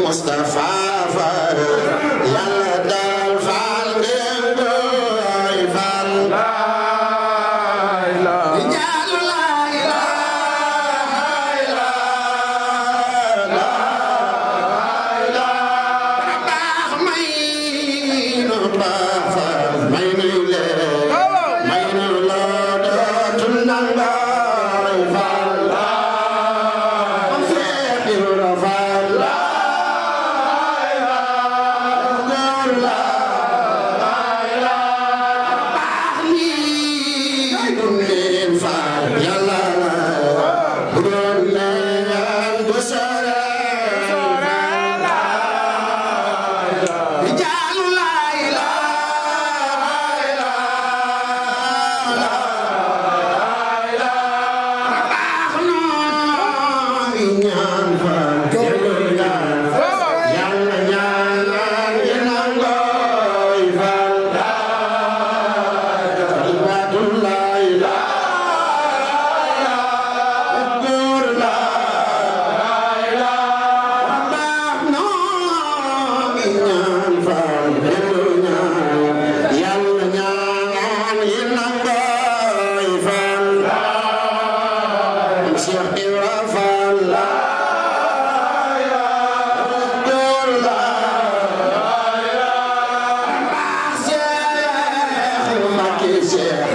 Mustafa Fall Amen.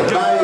Joe.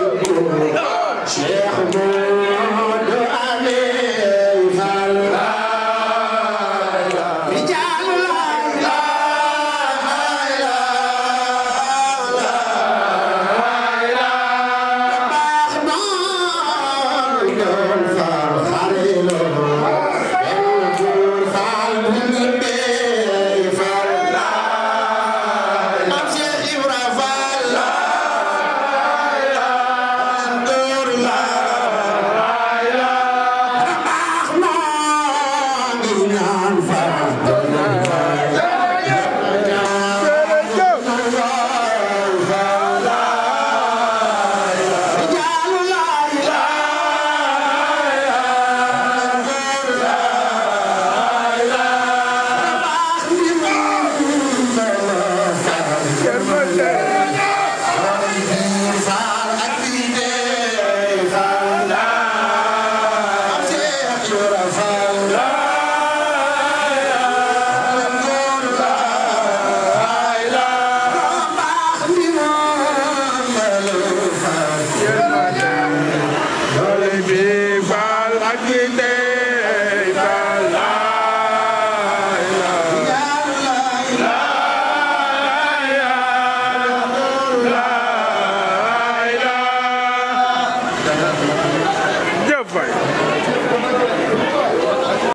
Happy day.